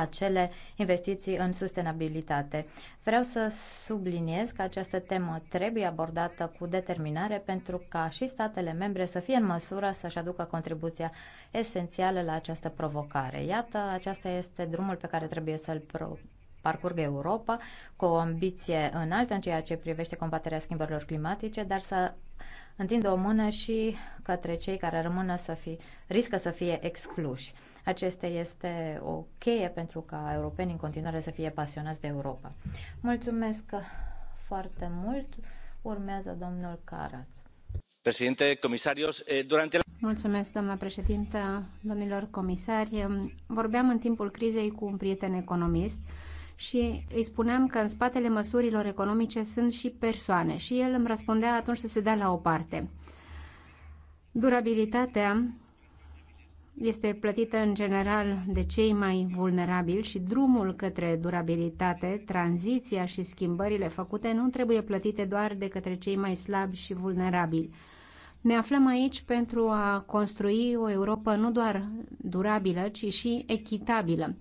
acele investiții în sustenabilitate. Vreau să subliniez că această temă trebuie abordată cu determinare pentru ca și statele membre să fie în măsură să-și aducă contribuția esențială la această provocare. Iată, aceasta este drumul pe care trebuie să-l parcurgă Europa cu o ambiție înaltă în ceea ce privește combaterea schimbărilor climatice, dar să întinde o mână și către cei care rămână să fi, riscă să fie excluși. Acesta este o cheie pentru ca europenii în continuare să fie pasionați de Europa. Mulțumesc foarte mult. Urmează domnul Carat. Președinte, comisarios, eh, durante la... Mulțumesc, doamna președintă, domnilor comisari. Vorbeam în timpul crizei cu un prieten economist și îi spuneam că în spatele măsurilor economice sunt și persoane și el îmi răspundea atunci să se dea la o parte. Durabilitatea este plătită în general de cei mai vulnerabili și drumul către durabilitate, tranziția și schimbările făcute nu trebuie plătite doar de către cei mai slabi și vulnerabili. Ne aflăm aici pentru a construi o Europa nu doar durabilă, ci și echitabilă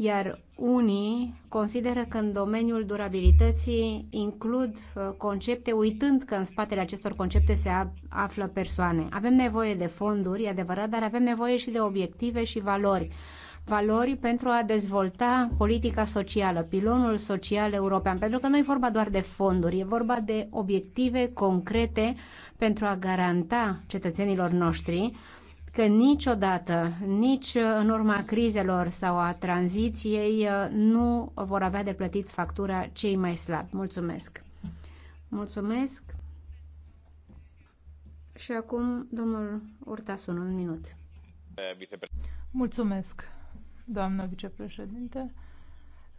iar unii consideră că în domeniul durabilității includ uh, concepte, uitând că în spatele acestor concepte se află persoane. Avem nevoie de fonduri, e adevărat, dar avem nevoie și de obiective și valori valori pentru a dezvolta politica socială, pilonul social european, pentru că nu e vorba doar de fonduri, e vorba de obiective concrete pentru a garanta cetățenilor noștri că niciodată, nici în urma crizelor sau a tranziției, nu vor avea de plătit factura cei mai slabi. Mulțumesc! Mulțumesc! Și acum, domnul Urtasun, un minut. Mulțumesc, doamnă vicepreședinte,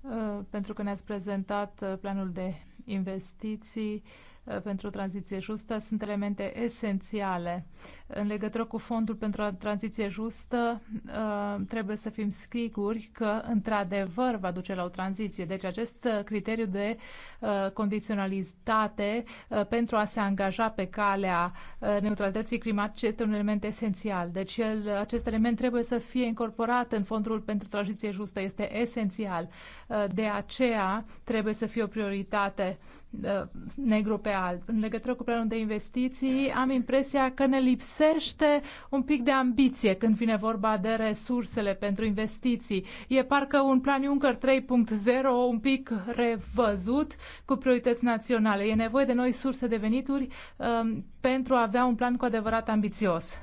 uh, pentru că ne-ați prezentat uh, planul de investiții Uh, pentru o tranziție justă sunt elemente esențiale. În legătură cu fondul pentru o tranziție justă, uh, trebuie să fim siguri că, într-adevăr, va duce la o tranziție. Deci acest criteriu de uh, condiționalitate pentru a se angaja pe calea neutralității climatice este un element esențial. Deci el, acest element trebuie să fie incorporat în fondul pentru tranziție justă. Este esențial. De aceea trebuie să fie o prioritate Uh, negru pe alb. În legătură cu planul de investiții, am impresia că ne lipsește un pic de ambiție când vine vorba de resursele pentru investiții. E parcă un plan Juncker 3.0 un pic revăzut cu priorități naționale. E nevoie de noi surse de venituri um, pentru a avea un plan cu adevărat ambițios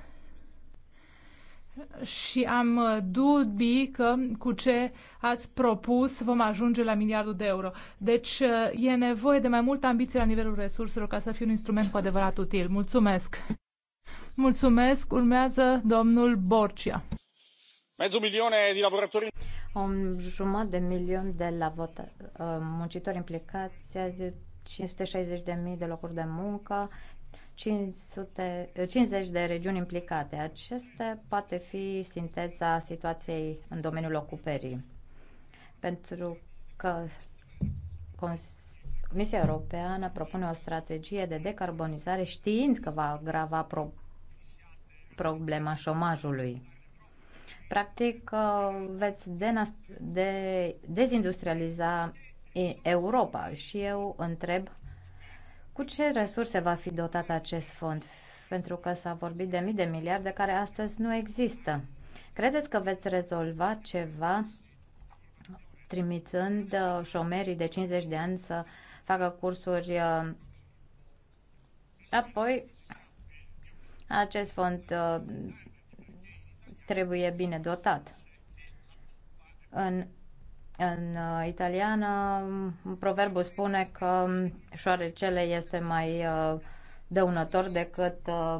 și am uh, dubii că cu ce ați propus vom ajunge la miliardul de euro. Deci uh, e nevoie de mai multă ambiție la nivelul resurselor ca să fie un instrument cu adevărat util. Mulțumesc! Mulțumesc! Urmează domnul Borcia. Mezu milioane de lavoratori un jumătate de milion de la uh, muncitori implicați, 560.000 de locuri de muncă 500, 50 de regiuni implicate. Acestea poate fi sinteza situației în domeniul ocupării. Pentru că Comisia Europeană propune o strategie de decarbonizare știind că va agrava pro- problema șomajului. Practic, uh, veți de- dezindustrializa Europa și eu întreb cu ce resurse va fi dotat acest fond? Pentru că s-a vorbit de mii de miliarde care astăzi nu există. Credeți că veți rezolva ceva trimițând uh, șomerii de 50 de ani să facă cursuri? Uh, apoi, acest fond uh, trebuie bine dotat. În în uh, italiană, mm, proverbul spune că șoarecele este mai uh, dăunător decât uh,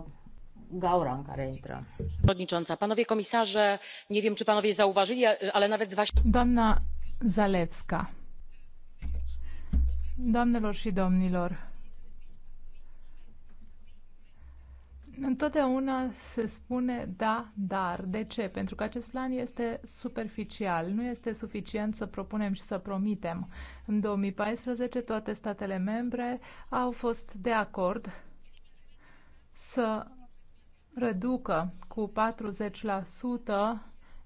gaura în care intră. Przewodnicząca, panowie komisarze, nie wiem czy panowie zauważyli, ale nawet z Doamna Zalewska. Doamnelor și domnilor, Întotdeauna se spune da, dar. De ce? Pentru că acest plan este superficial. Nu este suficient să propunem și să promitem. În 2014 toate statele membre au fost de acord să reducă cu 40%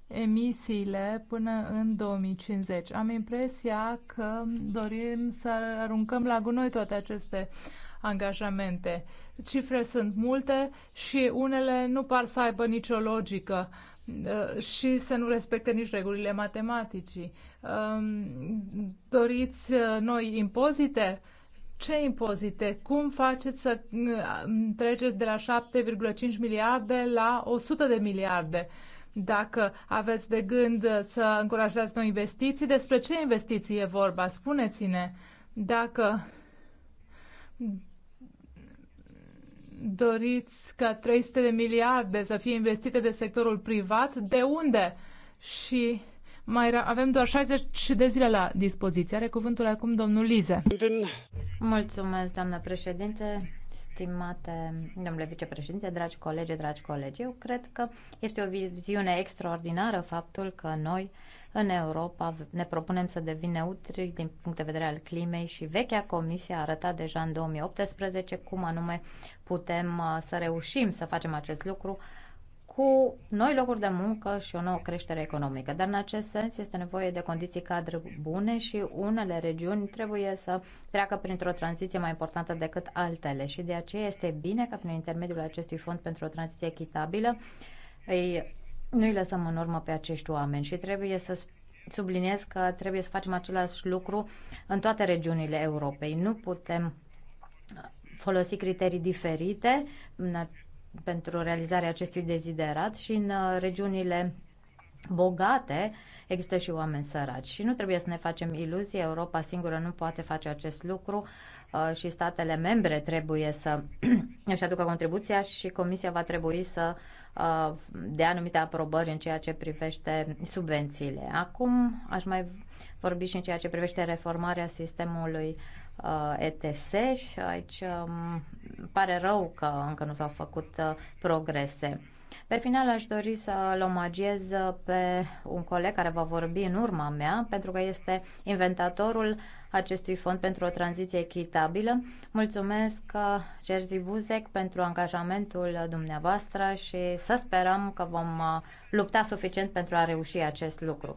emisiile până în 2050. Am impresia că dorim să aruncăm la gunoi toate aceste uh, angajamente. Cifre sunt multe și unele nu par să aibă nicio logică uh, și să nu respecte nici regulile matematicii. Um, doriți uh, noi impozite? Ce impozite? Cum faceți să uh, treceți de la 7,5 miliarde la 100 de miliarde? Dacă aveți de gând să încurajați noi investiții, despre ce investiții e vorba? Spuneți-ne. Dacă doriți ca 300 de miliarde să fie investite de sectorul privat. De unde? Și mai avem doar 60 de zile la dispoziție. Are cuvântul acum domnul Lize. Mulțumesc, doamnă președinte. Stimate domnule vicepreședinte, dragi colegi, dragi colegi, eu cred că este o viziune extraordinară faptul că noi în Europa ne propunem să devenim neutri din punct de vedere al climei și vechea comisie a arătat deja în 2018 cum anume putem uh, să reușim să facem acest lucru cu noi locuri de muncă și o nouă creștere economică. Dar în acest sens este nevoie de condiții cadre bune și unele regiuni trebuie să treacă printr-o tranziție mai importantă decât altele și de aceea este bine că prin intermediul acestui fond pentru o tranziție echitabilă îi, nu îi lăsăm în urmă pe acești oameni și trebuie să subliniez că trebuie să facem același lucru în toate regiunile Europei. Nu putem folosi criterii diferite pentru realizarea acestui deziderat și în uh, regiunile bogate există și oameni săraci. Și nu trebuie să ne facem iluzii, Europa singură nu poate face acest lucru uh, și statele membre trebuie să își aducă contribuția și Comisia va trebui să uh, dea anumite aprobări în ceea ce privește subvențiile. Acum aș mai vorbi și în ceea ce privește reformarea sistemului uh, ETS și aici um, pare rău că încă nu s-au făcut uh, progrese. Pe final aș dori să-l omagiez uh, pe un coleg care va vorbi în urma mea, pentru că este inventatorul acestui fond pentru o tranziție echitabilă. Mulțumesc, uh, Jerzy Buzek, pentru angajamentul dumneavoastră și să sperăm că vom uh, lupta suficient pentru a reuși acest lucru.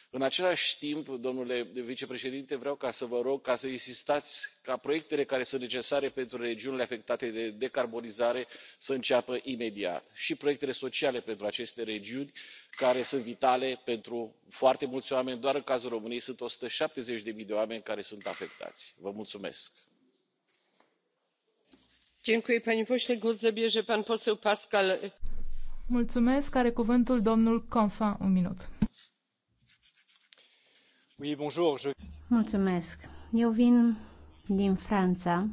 în același timp domnule vicepreședinte vreau să vă rog să insistați ca proiectele care sunt necesare pentru regiunile afectate de decarbonizare să înceapă imediat și proiectele sociale pentru aceste regiuni care sunt vitale pentru foarte mulți oameni doar în cazul româniei sunt o sută șaptezeci zero de oameni care sunt afectați. vă mulțumesc. mulțumesc. are cuvântul domnul un minut. Mulțumesc. Eu vin din Franța,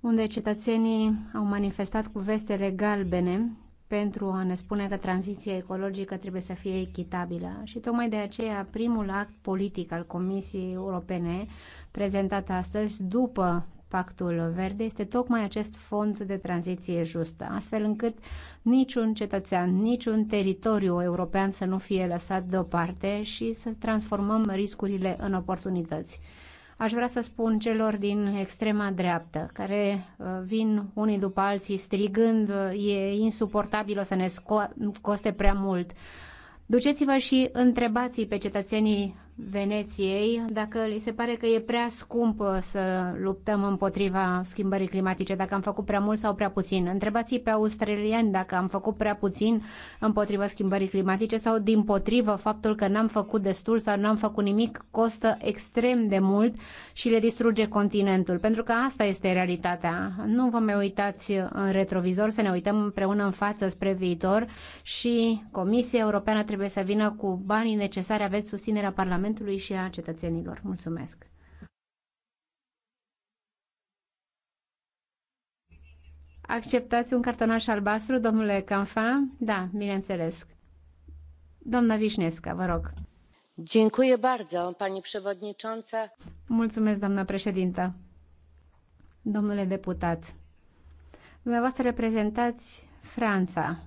unde cetățenii au manifestat cu vestele galbene pentru a ne spune că tranziția ecologică trebuie să fie echitabilă. Și tocmai de aceea primul act politic al Comisiei Europene prezentat astăzi după Pactul Verde este tocmai acest fond de tranziție justă, astfel încât niciun cetățean, niciun teritoriu european să nu fie lăsat deoparte și să transformăm riscurile în oportunități. Aș vrea să spun celor din extrema dreaptă, care uh, vin unii după alții strigând, uh, e insuportabil, o să ne coste prea mult. Duceți-vă și întrebați pe cetățenii Veneției dacă li se pare că e prea scump uh, să luptăm împotriva schimbării climatice, dacă am făcut prea mult sau prea puțin. Întrebați-i pe australieni dacă am făcut prea puțin împotriva schimbării climatice sau din potrivă faptul că n-am făcut destul sau n-am făcut nimic costă extrem de mult și le distruge continentul. Pentru că asta este realitatea. Nu vă mai uitați în retrovizor, să ne uităm împreună în față spre viitor și Comisia Europeană trebuie să vină cu banii necesari, aveți susținerea Parlamentului Parlamentului și a cetățenilor. Mulțumesc! Acceptați un cartonaș albastru, domnule Canfa? Da, bineînțeles. Doamna Vișnescă, vă rog. Dziękuję bardzo, pani przewodnicząca. Mulțumesc, doamna președintă. Domnule deputat, dumneavoastră reprezentați Franța,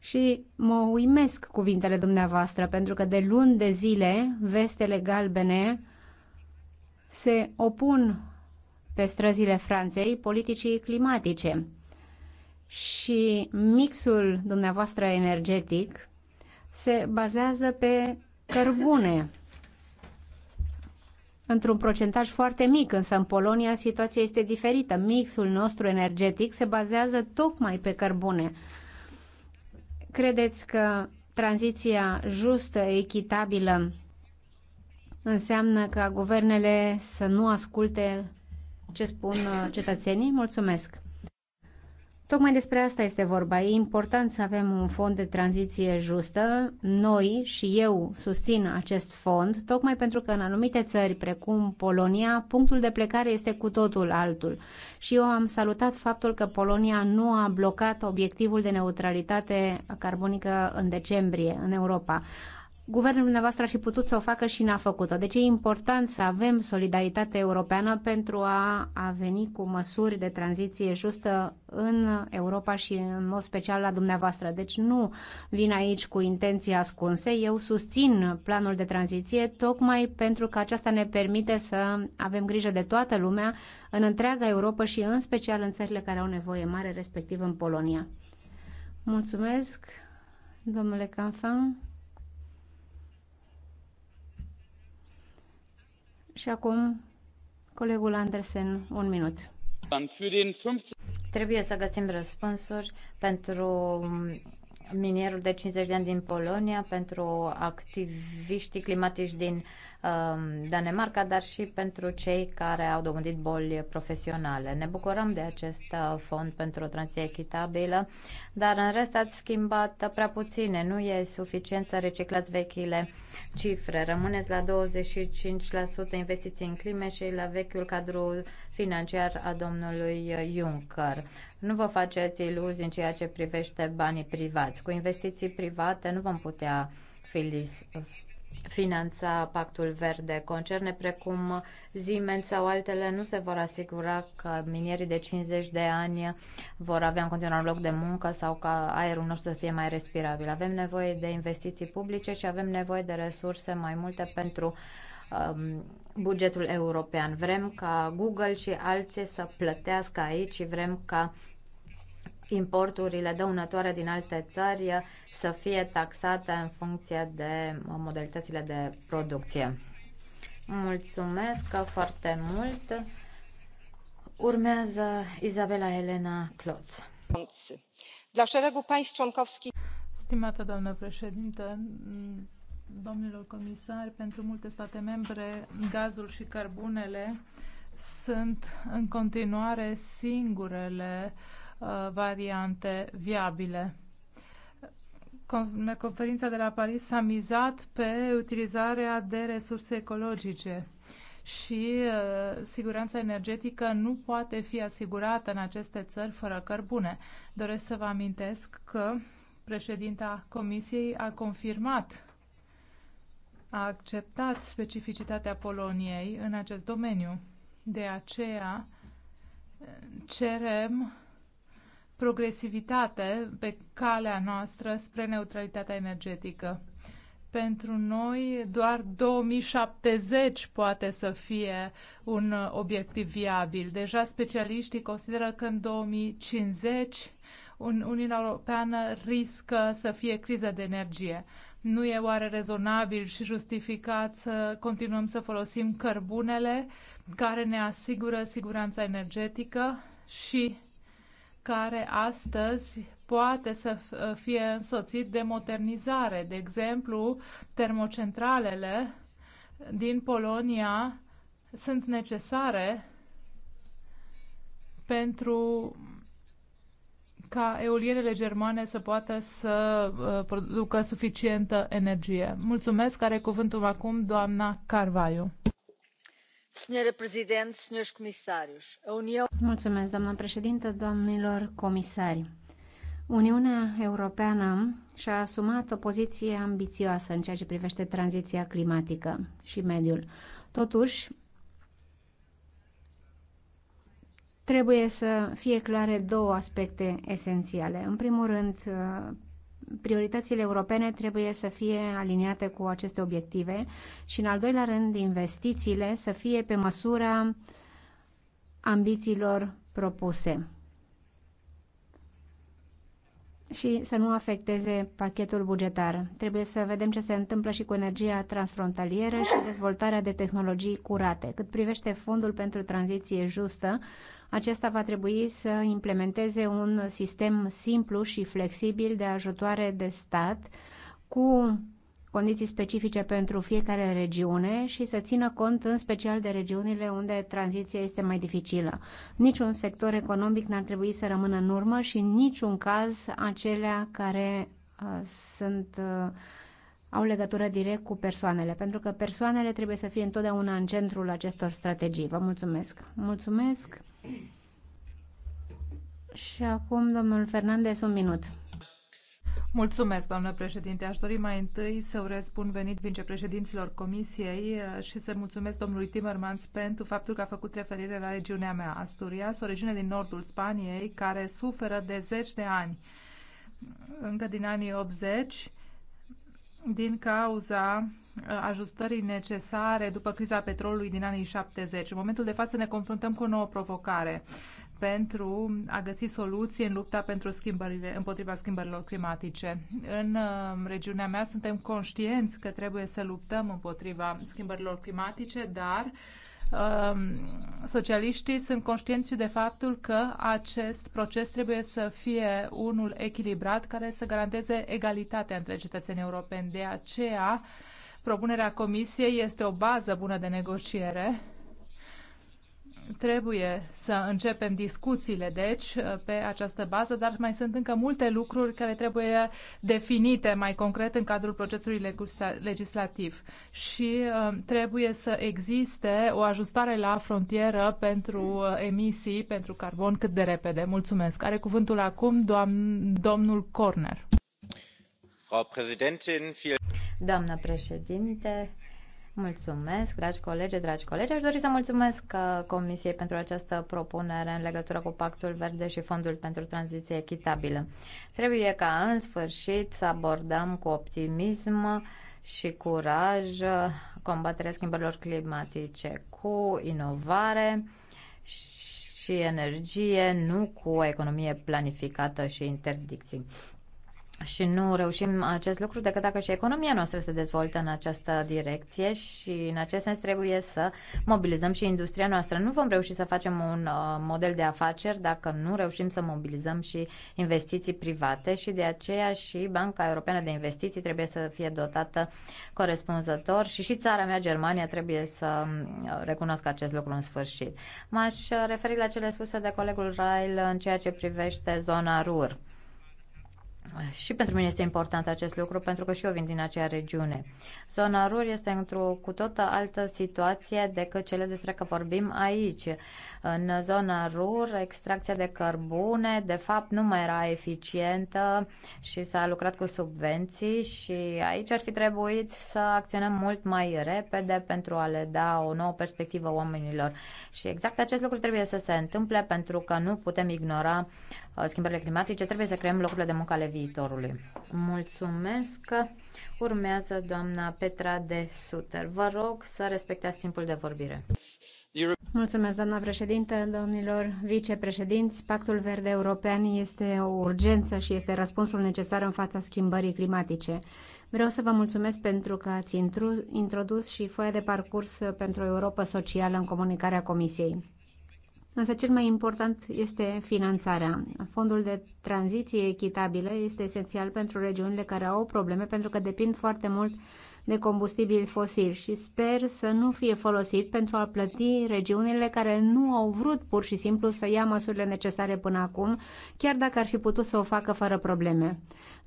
și mă uimesc cuvintele dumneavoastră, pentru că de luni de zile vestele galbene se opun pe străzile Franței politicii climatice. Și mixul dumneavoastră energetic se bazează pe cărbune, într-un procentaj foarte mic, însă în Polonia situația este diferită. Mixul nostru energetic se bazează tocmai pe cărbune. Credeți că tranziția justă, echitabilă, înseamnă ca guvernele să nu asculte ce spun uh, cetățenii? Mulțumesc! Tocmai despre asta este vorba. E important să avem un fond de tranziție justă. Noi și eu susțin acest fond, tocmai pentru că în anumite țări, precum Polonia, punctul de plecare este cu totul altul. Și eu am salutat faptul că Polonia nu a blocat obiectivul de neutralitate carbonică în decembrie în Europa guvernul dumneavoastră ar fi putut să o facă și n-a făcut-o. Deci e important să avem solidaritate europeană pentru a, a veni cu măsuri de tranziție justă în Europa și în mod special la dumneavoastră. Deci nu vin aici cu intenții ascunse. Eu susțin planul de tranziție tocmai pentru că aceasta ne permite să avem grijă de toată lumea în întreaga Europa și în special în țările care au nevoie mare, respectiv în Polonia. Mulțumesc, domnule Canfan. Și acum, colegul Andersen, un minut. Trebuie să găsim răspunsuri pentru minierul de 50 de ani din Polonia, pentru activiștii climatici din uh, Danemarca, dar și pentru cei care au dobândit boli profesionale. Ne bucurăm de acest uh, fond pentru o tranziție echitabilă, dar în rest ați schimbat prea puține. Nu e suficient să reciclați vechile cifre. Rămâneți la 25% investiții în clime și la vechiul cadru financiar a domnului Juncker. Nu vă faceți iluzii în ceea ce privește banii privați. Cu investiții private nu vom putea finanța pactul verde. Concerne precum Siemens sau altele nu se vor asigura că minierii de 50 de ani vor avea în continuare loc de muncă sau că aerul nostru să fie mai respirabil. Avem nevoie de investiții publice și avem nevoie de resurse mai multe pentru uh, um, bugetul european. Vrem ca Google și alții să plătească aici și vrem ca importurile dăunătoare din alte țări să fie taxate în funcție de modalitățile de producție. Mulțumesc foarte mult. Urmează Izabela Elena Clotz. Dla szeregu państw członkowskich. Stimată doamnă președintă, domnilor comisari, pentru multe state membre, gazul și cărbunele sunt în continuare singurele uh, variante viabile. Conferința de la Paris s-a mizat pe utilizarea de resurse ecologice și uh, siguranța energetică nu poate fi asigurată în aceste țări fără cărbune. Doresc să vă amintesc că președinta Comisiei a confirmat a acceptat specificitatea Poloniei în acest domeniu. De aceea cerem progresivitate pe calea noastră spre neutralitatea energetică. Pentru noi doar 2070 poate să fie un obiectiv viabil. Deja specialiștii consideră că în 2050 Uniunea Europeană riscă să fie criză de energie. Nu e oare rezonabil și justificat să continuăm să folosim cărbunele care ne asigură siguranța energetică și care astăzi poate să fie însoțit de modernizare. De exemplu, termocentralele din Polonia sunt necesare pentru ca eolienele germane să poată să uh, producă suficientă energie. Mulțumesc, are cuvântul acum doamna Carvaiu. Mulțumesc, doamna președintă, domnilor comisari. Uniunea Europeană și-a asumat o poziție ambițioasă în ceea ce privește tranziția climatică și mediul. Totuși, trebuie să fie clare două aspecte esențiale. În primul rând, uh, prioritățile europene trebuie să fie aliniate cu aceste obiective și, în al doilea rând, investițiile să fie pe măsura ambițiilor propuse și să nu afecteze pachetul bugetar. Trebuie să vedem ce se întâmplă și cu energia transfrontalieră și dezvoltarea de tehnologii curate. Cât privește fondul pentru tranziție justă, acesta va trebui să implementeze un sistem simplu și flexibil de ajutoare de stat cu condiții specifice pentru fiecare regiune și să țină cont în special de regiunile unde tranziția este mai dificilă. Niciun sector economic n-ar trebui să rămână în urmă și în niciun caz acelea care uh, sunt uh, au legătură direct cu persoanele, pentru că persoanele trebuie să fie întotdeauna în centrul acestor strategii. Vă mulțumesc! Mulțumesc! Și acum, domnul Fernandez, un minut. Mulțumesc, doamnă președinte. Aș dori mai întâi să urez bun venit vicepreședinților Comisiei uh, și să mulțumesc domnului Timmermans pentru faptul că a făcut referire la regiunea mea, Asturias, o regiune din nordul Spaniei care suferă de zeci de ani, încă din anii 80, din cauza uh, ajustării necesare după criza petrolului din anii 70. În momentul de față ne confruntăm cu o nouă provocare pentru a găsi soluții în lupta pentru schimbările, împotriva schimbărilor climatice. În uh, regiunea mea suntem conștienți că trebuie să luptăm împotriva schimbărilor climatice, dar uh, Um, socialiștii sunt conștienți de faptul că acest proces trebuie să fie unul echilibrat care să garanteze egalitatea între cetățenii europeni. De aceea, propunerea Comisiei este o bază bună de negociere Trebuie să începem discuțiile, deci, pe această bază, dar mai sunt încă multe lucruri care trebuie definite mai concret în cadrul procesului legislativ și uh, trebuie să existe o ajustare la frontieră pentru uh, emisii, pentru carbon, cât de repede. Mulțumesc. Are cuvântul acum domnul Corner. Doamnă președinte, Mulțumesc, dragi colegi, dragi colegi. Aș dori să mulțumesc uh, Comisiei pentru această propunere în legătură cu Pactul Verde și Fondul pentru Tranziție Echitabilă. Trebuie ca în sfârșit să abordăm cu optimism și curaj combaterea schimbărilor climatice cu inovare și energie, nu cu o economie planificată și interdicții și nu reușim acest lucru decât dacă și economia noastră se dezvoltă în această direcție și în acest sens trebuie să mobilizăm și industria noastră. Nu vom reuși să facem un uh, model de afaceri dacă nu reușim să mobilizăm și investiții private și de aceea și Banca Europeană de Investiții trebuie să fie dotată corespunzător și și țara mea, Germania, trebuie să uh, recunoască acest lucru în sfârșit. M-aș referi la cele spuse de colegul Rail în ceea ce privește zona rur și pentru mine este important acest lucru, pentru că și eu vin din acea regiune. Zona rur este într-o cu tot altă situație decât cele despre care vorbim aici. În zona rur, extracția de cărbune, de fapt, nu mai era eficientă și s-a lucrat cu subvenții și aici ar fi trebuit să acționăm mult mai repede pentru a le da o nouă perspectivă oamenilor. Și exact acest lucru trebuie să se întâmple pentru că nu putem ignora Uh, schimbările climatice, trebuie să creăm locurile de muncă ale viitorului. Mulțumesc! Urmează doamna Petra de Suter. Vă rog să respectați timpul de vorbire. Mulțumesc, doamna președintă, domnilor vicepreședinți. Pactul Verde European este o urgență și este răspunsul necesar în fața schimbării climatice. Vreau să vă mulțumesc pentru că ați introdus și foaia de parcurs pentru Europa Socială în comunicarea Comisiei. Însă cel mai important este finanțarea. Fondul de tranziție echitabilă este esențial pentru regiunile care au probleme pentru că depind foarte mult de combustibil fosil. și sper să nu fie folosit pentru a plăti regiunile care nu au vrut pur și simplu să ia măsurile necesare până acum, chiar dacă ar fi putut să o facă fără probleme.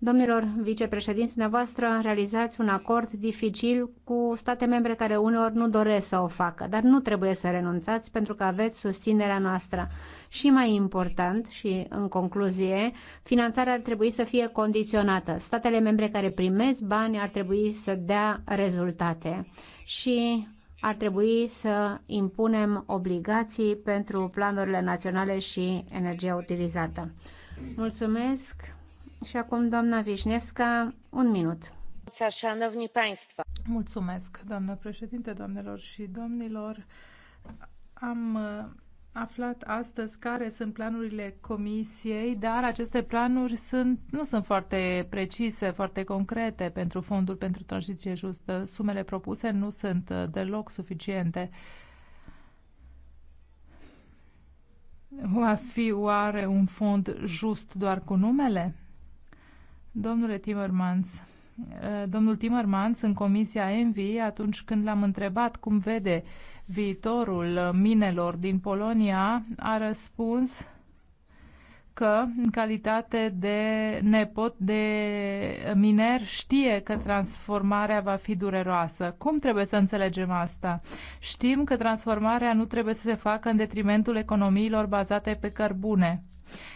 Domnilor vicepreședinți, dumneavoastră realizați un acord dificil cu state membre care uneori nu doresc să o facă, dar nu trebuie să renunțați pentru că aveți susținerea noastră. Și mai important, și în concluzie, finanțarea ar trebui să fie condiționată. Statele membre care primesc bani ar trebui să dea rezultate. Și ar trebui să impunem obligații pentru planurile naționale și energia utilizată. Mulțumesc! Și acum un minut. Mulțumesc, doamnă președintă, doamnelor și domnilor. Am uh, aflat astăzi care sunt planurile comisiei, dar aceste planuri sunt, nu sunt foarte precise, foarte concrete pentru fondul pentru tranziție justă. Sumele propuse nu sunt uh, deloc suficiente. Va fi oare un fond just doar cu numele? Domnule Timmermans, eh, domnul Timmermans în Comisia Envi, atunci când l-am întrebat cum vede viitorul minelor din Polonia, a răspuns că, în calitate de nepot de miner, știe că transformarea va fi dureroasă. Cum trebuie să înțelegem asta? Știm că transformarea nu trebuie să se facă în detrimentul economiilor bazate pe cărbune.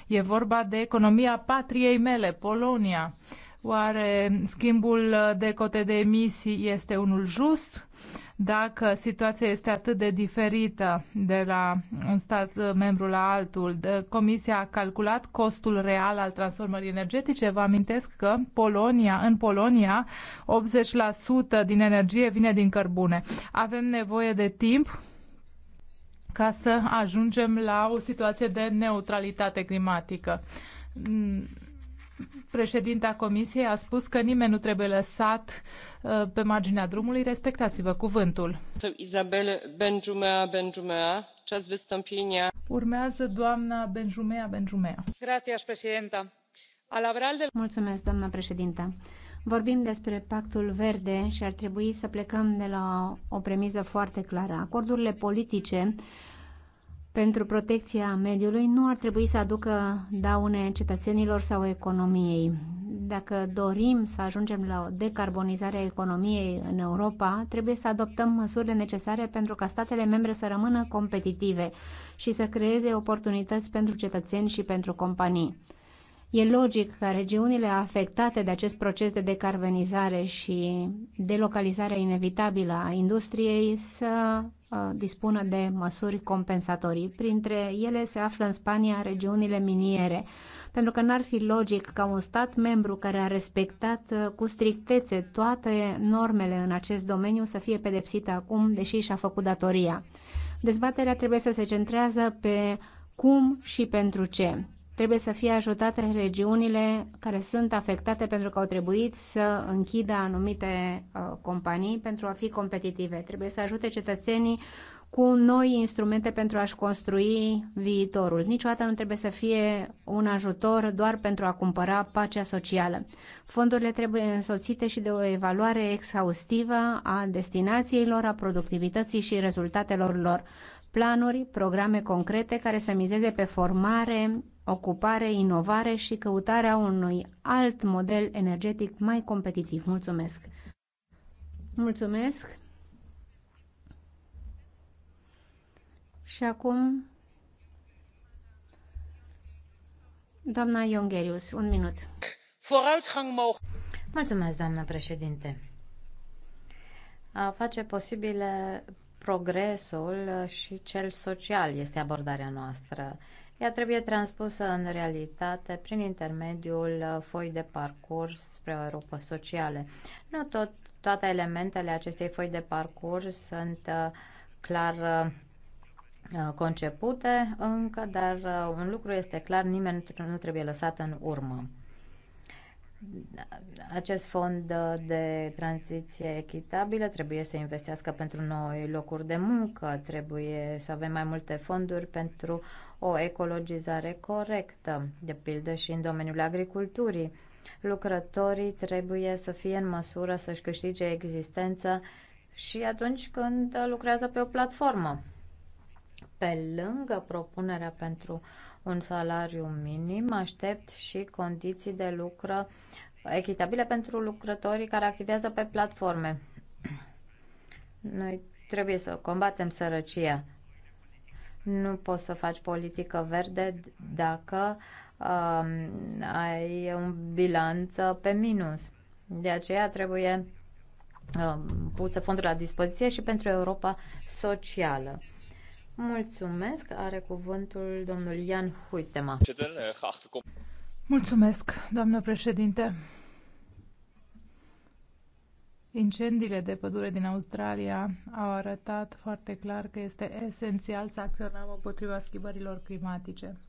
E vorba de economia patriei mele, Polonia. Oare schimbul de cote de emisii este unul just? Dacă situația este atât de diferită de la un stat membru la altul, Comisia a calculat costul real al transformării energetice. Vă amintesc că Polonia, în Polonia 80% din energie vine din cărbune. Avem nevoie de timp ca să ajungem la o situație de neutralitate climatică. Mm, președinta Comisiei a spus că nimeni nu trebuie lăsat uh, pe marginea drumului. Respectați-vă cuvântul. Isabel Benjumea Benjumea, ceas Urmează doamna Benjumea Benjumea. Mulțumesc, doamna președintă. Vorbim despre pactul verde și ar trebui să plecăm de la o premiză foarte clară. Acordurile politice pentru protecția mediului nu ar trebui să aducă daune cetățenilor sau economiei. Dacă dorim să ajungem la o decarbonizare a economiei în Europa, trebuie să adoptăm măsurile necesare pentru ca statele membre să rămână competitive și să creeze oportunități pentru cetățeni și pentru companii. E logic ca regiunile afectate de acest proces de decarbonizare și delocalizarea inevitabilă a industriei să uh, dispună de măsuri compensatorii. Printre ele se află în Spania regiunile miniere, pentru că n-ar fi logic ca un stat membru care a respectat uh, cu strictețe toate normele în acest domeniu să fie pedepsit acum, deși și-a făcut datoria. Dezbaterea trebuie să se centrează pe cum și pentru ce. Trebuie să fie ajutate regiunile care sunt afectate pentru că au trebuit să închidă anumite uh, companii pentru a fi competitive. Trebuie să ajute cetățenii cu noi instrumente pentru a-și construi viitorul. Niciodată nu trebuie să fie un ajutor doar pentru a cumpăra pacea socială. Fondurile trebuie însoțite și de o evaluare exhaustivă a destinațiilor, a productivității și rezultatelor lor planuri, programe concrete care să mizeze pe formare, ocupare, inovare și căutarea unui alt model energetic mai competitiv. Mulțumesc! Mulțumesc! Și acum, doamna Iongerius, un minut. Mulțumesc, doamnă președinte. A face posibile progresul și cel social este abordarea noastră. Ea trebuie transpusă în realitate prin intermediul foi de parcurs spre o Europa socială. Nu tot, toate elementele acestei foi de parcurs sunt uh, clar uh, concepute încă, dar uh, un lucru este clar, nimeni nu trebuie lăsat în urmă acest fond de tranziție echitabilă trebuie să investească pentru noi locuri de muncă, trebuie să avem mai multe fonduri pentru o ecologizare corectă, de pildă și în domeniul agriculturii. Lucrătorii trebuie să fie în măsură să-și câștige existența și atunci când lucrează pe o platformă. Pe lângă propunerea pentru un salariu minim, aștept și condiții de lucru echitabile pentru lucrătorii care activează pe platforme. Noi trebuie să combatem sărăcia. Nu poți să faci politică verde dacă uh, ai un bilanț pe minus. De aceea trebuie uh, puse fonduri la dispoziție și pentru Europa socială. Mulțumesc. Are cuvântul domnul Ian Huitema. Mulțumesc, doamnă președinte. Incendiile de pădure din Australia au arătat foarte clar că este esențial să acționăm împotriva schimbărilor climatice.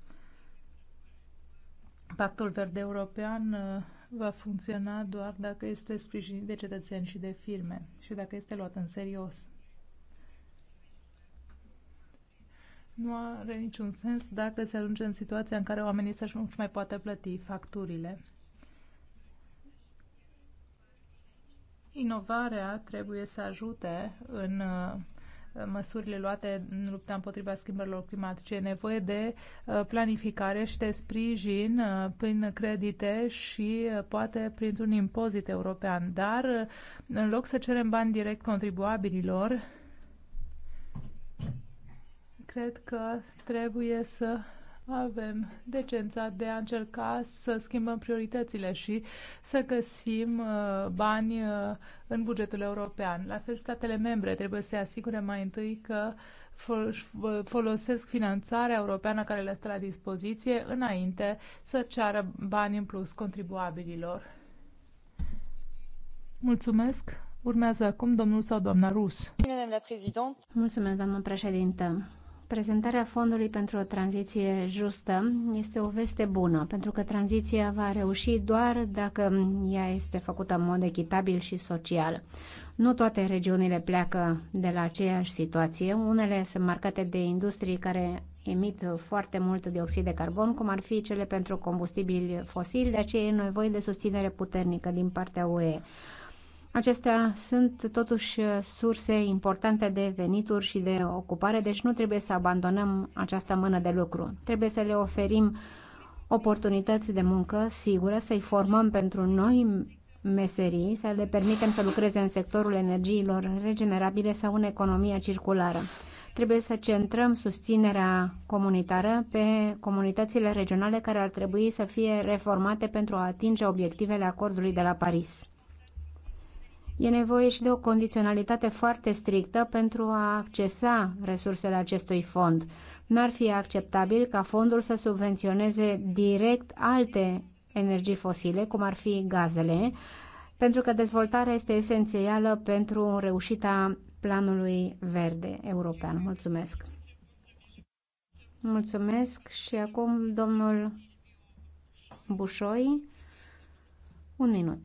Pactul Verde European uh, va funcționa doar dacă este sprijinit de cetățeni și de firme și dacă este luat în serios. nu are niciun sens dacă se ajunge în situația în care oamenii să nu mai poate plăti facturile. Inovarea trebuie să ajute în uh, măsurile luate în lupta împotriva schimbărilor climatice. E nevoie de uh, planificare și de sprijin uh, prin credite și poate printr-un impozit european. Dar în loc să cerem bani direct contribuabililor, cred că trebuie să avem decența de a încerca să schimbăm prioritățile și să găsim uh, bani uh, în bugetul european. La fel, statele membre trebuie să se asigure mai întâi că uh, folosesc finanțarea europeană care le stă la dispoziție înainte să ceară bani în plus contribuabililor. Mulțumesc. Urmează acum domnul sau doamna Rus. Mulțumesc, doamnă președintă. Prezentarea Fondului pentru o tranziție justă este o veste bună, pentru că tranziția va reuși doar dacă ea este făcută în mod echitabil și social. Nu toate regiunile pleacă de la aceeași situație. Unele sunt marcate de industrii care emit foarte mult dioxid de carbon, cum ar fi cele pentru combustibili fosili, de aceea e nevoie de susținere puternică din partea UE. Acestea sunt totuși surse importante de venituri și de ocupare, deci nu trebuie să abandonăm această mână de lucru. Trebuie să le oferim oportunități de muncă sigură, să-i formăm pentru noi meserii, să le permitem să lucreze în sectorul energiilor regenerabile sau în economia circulară. Trebuie să centrăm susținerea comunitară pe comunitățile regionale care ar trebui să fie reformate pentru a atinge obiectivele acordului de la Paris. E nevoie și de o condiționalitate foarte strictă pentru a accesa resursele acestui fond. N-ar fi acceptabil ca fondul să subvenționeze direct alte energii fosile, cum ar fi gazele, pentru că dezvoltarea este esențială pentru reușita planului verde european. Mulțumesc! Mulțumesc și acum domnul Bușoi, un minut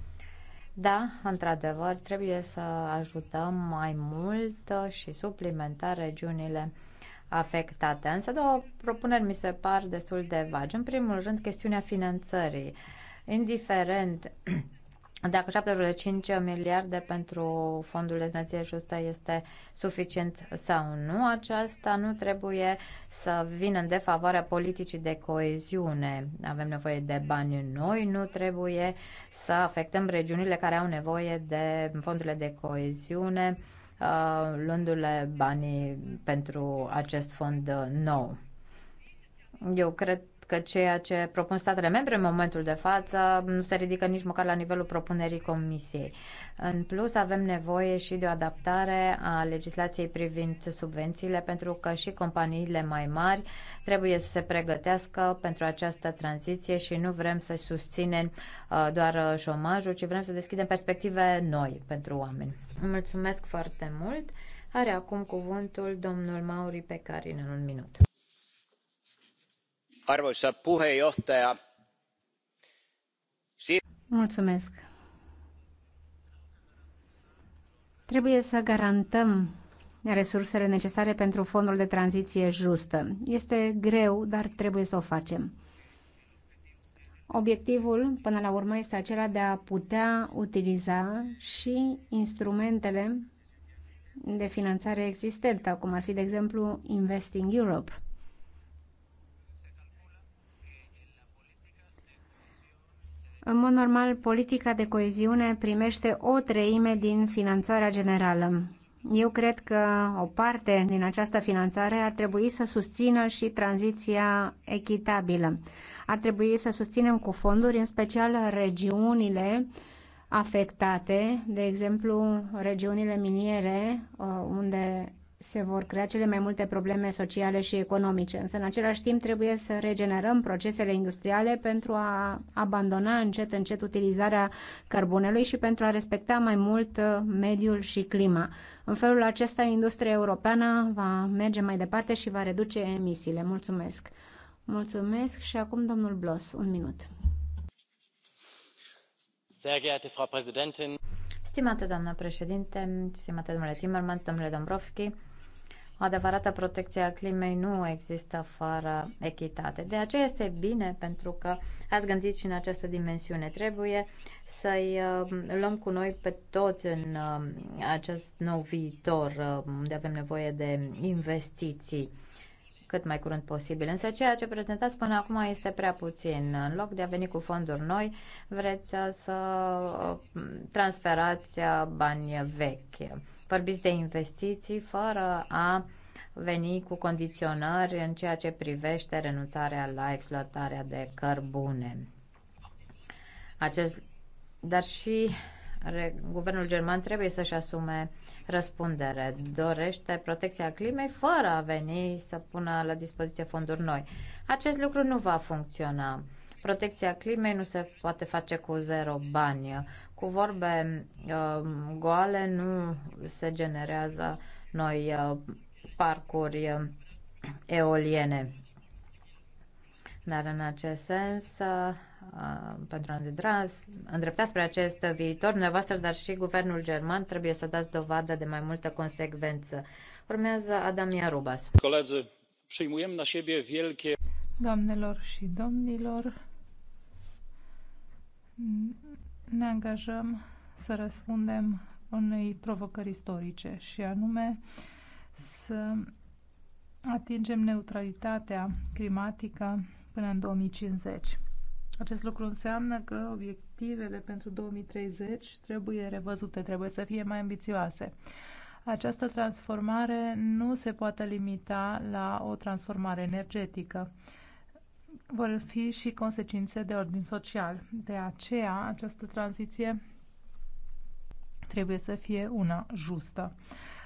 Da, într-adevăr, trebuie să ajutăm mai mult și suplimentar regiunile afectate. Însă două propuneri mi se par destul de vagi. În primul rând, chestiunea finanțării. Indiferent dacă 7,5 miliarde pentru fondul de tranziție justă este suficient sau nu, aceasta nu trebuie să vină în defavoarea politicii de coeziune. Avem nevoie de bani noi, nu trebuie să afectăm regiunile care au nevoie de fondurile de coeziune, uh, luându-le banii pentru acest fond nou. Eu cred că ceea ce propun statele membre în momentul de față nu se ridică nici măcar la nivelul propunerii Comisiei. În plus, avem nevoie și de o adaptare a legislației privind subvențiile, pentru că și companiile mai mari trebuie să se pregătească pentru această tranziție și nu vrem să susținem uh, doar șomajul, ci vrem să deschidem perspective noi pentru oameni. Mulțumesc foarte mult! Are acum cuvântul domnul Mauri Pecarin în un minut arvoisa puheenjohtaja Mulțumesc. Trebuie să garantăm resursele necesare pentru fondul de tranziție justă. Este greu, dar trebuie să o facem. Obiectivul, până la urmă, este acela de a putea utiliza și instrumentele de finanțare existentă, cum ar fi, de exemplu, Investing Europe. În mod normal, politica de coeziune primește o treime din finanțarea generală. Eu cred că o parte din această finanțare ar trebui să susțină și tranziția echitabilă. Ar trebui să susținem cu fonduri, în special regiunile afectate, de exemplu regiunile miniere, uh, unde se vor crea cele mai multe probleme sociale și economice, însă în același timp trebuie să regenerăm procesele industriale pentru a abandona încet încet utilizarea cărbunelui și pentru a respecta mai mult uh, mediul și clima. În felul acesta, industria europeană va merge mai departe și va reduce emisiile. Mulțumesc! Mulțumesc și acum domnul Blos, un minut. Stimată doamnă președinte, stimate domnule Timmermans, domnule Dombrovski, adevărată protecție a climei nu există fără echitate. De aceea este bine pentru că ați gândit și în această dimensiune. Trebuie să-i um, luăm cu noi pe toți în um, acest nou viitor um, unde avem nevoie de investiții cât mai curând posibil. Însă ceea ce prezentați până acum este prea puțin. În loc de a veni cu fonduri noi, vreți să uh, transferați uh, bani vechi. Vorbiți de investiții fără a veni cu condiționări în ceea ce privește renunțarea la exploatarea de cărbune. Acest, dar și guvernul german trebuie să-și asume răspundere. Dorește protecția climei fără a veni să pună la dispoziție fonduri noi. Acest lucru nu va funcționa. Protecția climei nu se poate face cu zero bani. Cu vorbe uh, goale nu se generează noi uh, parcuri uh, eoliene. Dar în acest sens, uh, Uh, pentru a îndra, îndrepta spre acest viitor, dumneavoastră, dar și guvernul german trebuie să dați dovadă de mai multă consecvență. Urmează Adam Iarubas. Colegi, przyjmujemy na siebie wielkie... Doamnelor și domnilor, ne angajăm să răspundem unei provocări istorice și anume să atingem neutralitatea climatică până în 2050. Acest lucru înseamnă că obiectivele pentru 2030 trebuie revăzute, trebuie să fie mai ambițioase. Această transformare nu se poate limita la o transformare energetică. Vor fi și consecințe de ordin social. De aceea, această tranziție trebuie să fie una justă.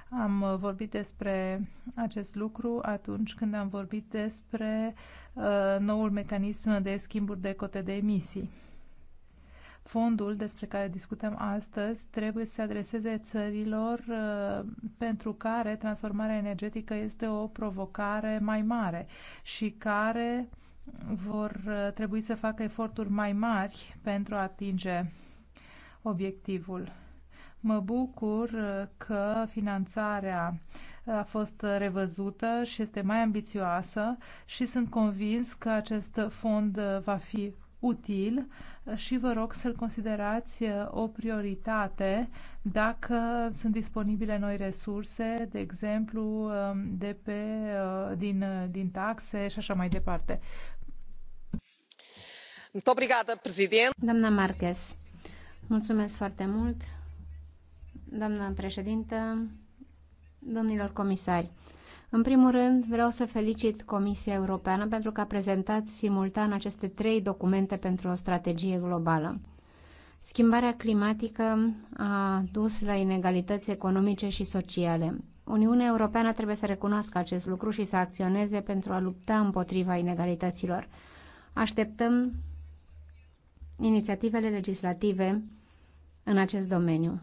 Am uh, vorbit despre acest lucru atunci când am vorbit despre uh, noul mecanism de schimburi de cote de emisii. Fondul despre care discutăm astăzi trebuie să se adreseze țărilor uh, pentru care transformarea energetică este o provocare mai mare și care vor uh, trebui să facă eforturi mai mari pentru a atinge obiectivul Mă bucur uh, că finanțarea uh, a fost revăzută și este mai ambițioasă și sunt convins că acest fond uh, va fi util și vă rog să-l considerați o prioritate dacă sunt disponibile noi resurse, de exemplu, um, de pe, din, din taxe și așa mai departe. Doamna Marques, mulțumesc foarte mult. Doamna președintă, domnilor comisari. În primul rând, vreau să felicit Comisia Europeană pentru că a prezentat simultan aceste trei documente pentru o strategie globală. Schimbarea climatică a dus la inegalități economice și sociale. Uniunea Europeană trebuie să recunoască acest lucru și să acționeze pentru a lupta împotriva inegalităților. Așteptăm inițiativele legislative în acest domeniu.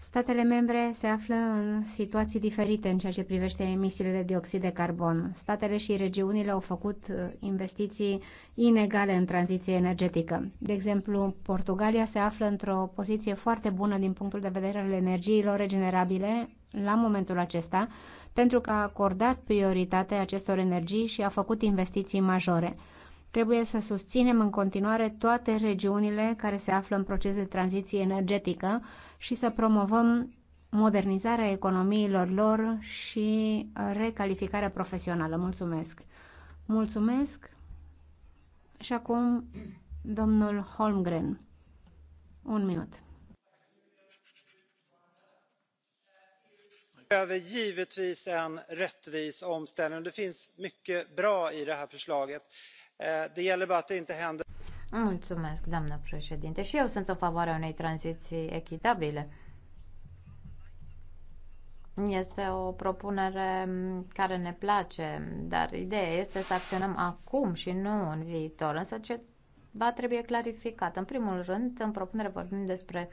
Statele membre se află în situații diferite în ceea ce privește emisiile de dioxid de carbon. Statele și regiunile au făcut uh, investiții inegale în tranziție energetică. De exemplu, Portugalia se află într-o poziție foarte bună din punctul de vedere al energiilor regenerabile la momentul acesta, pentru că a acordat prioritate acestor energii și a făcut investiții majore. Trebuie să susținem în continuare toate regiunile care se află în proces de tranziție energetică, și să promovăm modernizarea economiilor lor și recalificarea profesională. Mulțumesc! Mulțumesc! Și acum domnul Holmgren. Un minut. behöver givetvis en rättvis omställning. Det finns mycket bra i det här förslaget. Eh, det gäller bara att det inte händer. Mulțumesc, doamnă președinte. Și eu sunt în favoarea unei tranziții echitabile. Este o propunere care ne place, dar ideea este să acționăm acum și nu în viitor. Însă ce va trebui clarificat? În primul rând, în propunere vorbim despre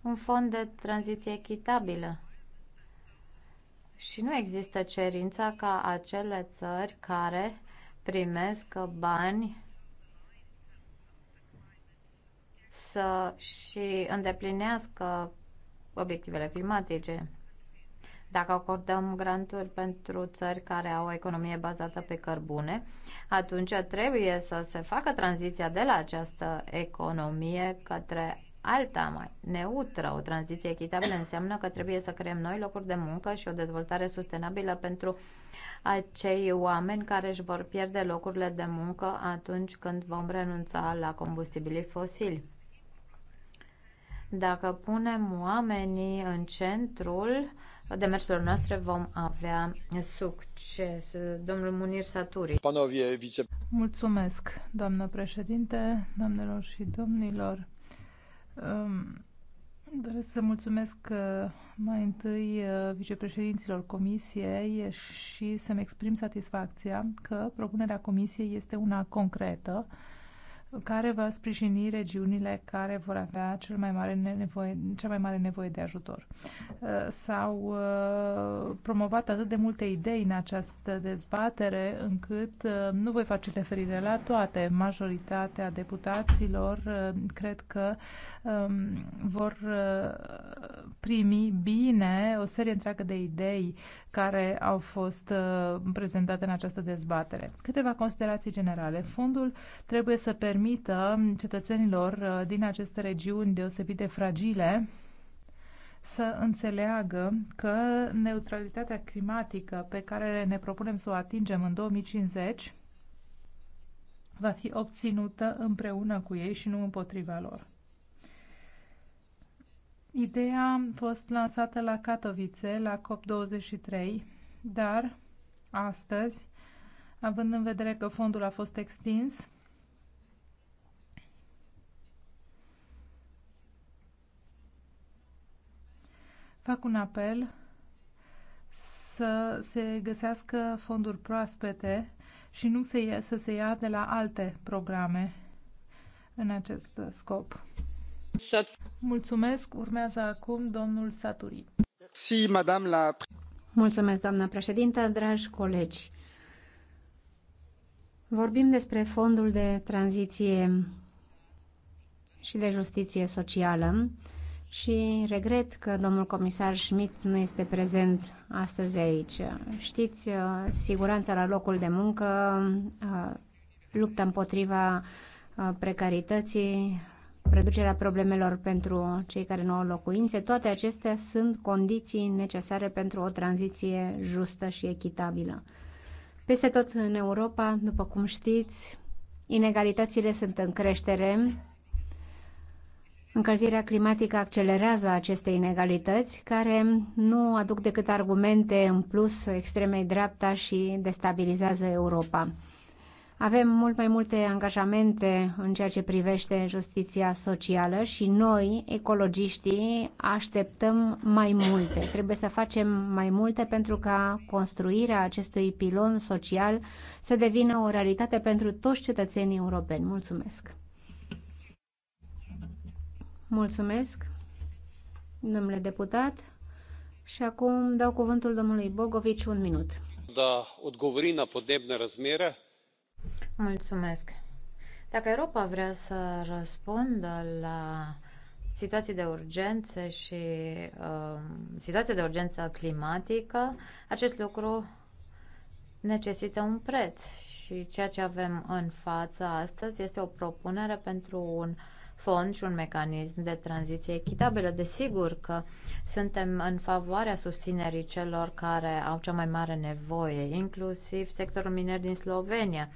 un fond de tranziție echitabilă. Și nu există cerința ca acele țări care primesc bani să și îndeplinească obiectivele climatice. Dacă acordăm granturi pentru țări care au o economie bazată pe cărbune, atunci trebuie să se facă tranziția de la această economie către alta mai neutră. O tranziție echitabilă înseamnă că trebuie să creăm noi locuri de muncă și o dezvoltare sustenabilă pentru acei oameni care își vor pierde locurile de muncă atunci când vom renunța la combustibilii fosili. Dacă punem oamenii în centrul demersurilor noastre, vom avea succes. Domnul Munir Saturi. Panovie, vice... Mulțumesc, doamnă președinte, doamnelor și domnilor. Um, doresc să mulțumesc uh, mai întâi uh, vicepreședinților comisiei și să-mi exprim satisfacția că propunerea comisiei este una concretă, care va sprijini regiunile care vor avea cel mai mare nevoie, cea mai mare nevoie de ajutor. Uh, s-au uh, promovat atât de multe idei în această dezbatere încât uh, nu voi face referire la toate. Majoritatea deputaților cred că Um, vor uh, primi bine o serie întreagă de idei care au fost uh, prezentate în această dezbatere. Câteva considerații generale. Fondul trebuie să permită cetățenilor uh, din aceste regiuni deosebit de fragile să înțeleagă că neutralitatea climatică pe care ne propunem să o atingem în 2050 va fi obținută împreună cu ei și nu împotriva lor. Ideea a fost lansată la Katowice, la COP23, dar astăzi, având în vedere că fondul a fost extins, fac un apel să se găsească fonduri proaspete și nu se, să se ia de la alte programe în acest scop. Mulțumesc. Urmează acum domnul Saturi. Mulțumesc, președintă, dragi colegi. Vorbim despre fondul de tranziție și de justiție socială și regret că domnul comisar Schmidt nu este prezent astăzi aici. Știți, uh, siguranța la locul de muncă, uh, lupta împotriva uh, precarității, reducerea problemelor pentru cei care nu au locuințe, toate acestea sunt condiții necesare pentru o tranziție justă și echitabilă. Peste tot în Europa, după cum știți, inegalitățile sunt în creștere, Încălzirea climatică accelerează aceste inegalități, care nu aduc decât argumente în plus extremei dreapta și destabilizează Europa. Avem mult mai multe angajamente în ceea ce privește justiția socială și noi, ecologiștii, așteptăm mai multe. Trebuie să facem mai multe pentru ca construirea acestui pilon social să devină o realitate pentru toți cetățenii europeni. Mulțumesc! Mulțumesc, domnule deputat. Și acum dau cuvântul domnului Bogovici un minut. Da, odgovori na podnebne razmere Mulțumesc. Dacă Europa vrea să răspundă la situații de urgență și uh, situația de urgență climatică, acest lucru necesită un preț și ceea ce avem în față astăzi este o propunere pentru un fond și un mecanism de tranziție echitabilă. Desigur că suntem în favoarea susținerii celor care au cea mai mare nevoie, inclusiv sectorul miner din Slovenia